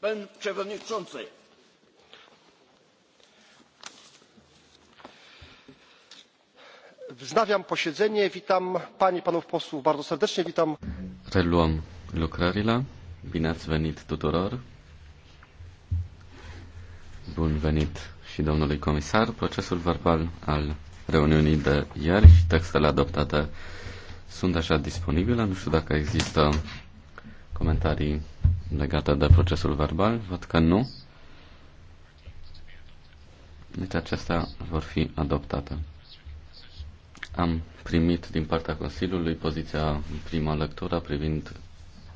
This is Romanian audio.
Pan przewodniczący. Wznawiam posiedzenie. Witam pani i panów posłów bardzo serdecznie. Witam. Reluăm lucrările. Bine ați venit tuturor. Bun venit și domnului comisar. Procesul verbal al reuniunii de ieri și textele adoptate sunt deja disponibile. Nu știu dacă există comentarii legată de procesul verbal? Văd că nu. Deci acestea vor fi adoptate. Am primit din partea Consiliului poziția în prima lectură privind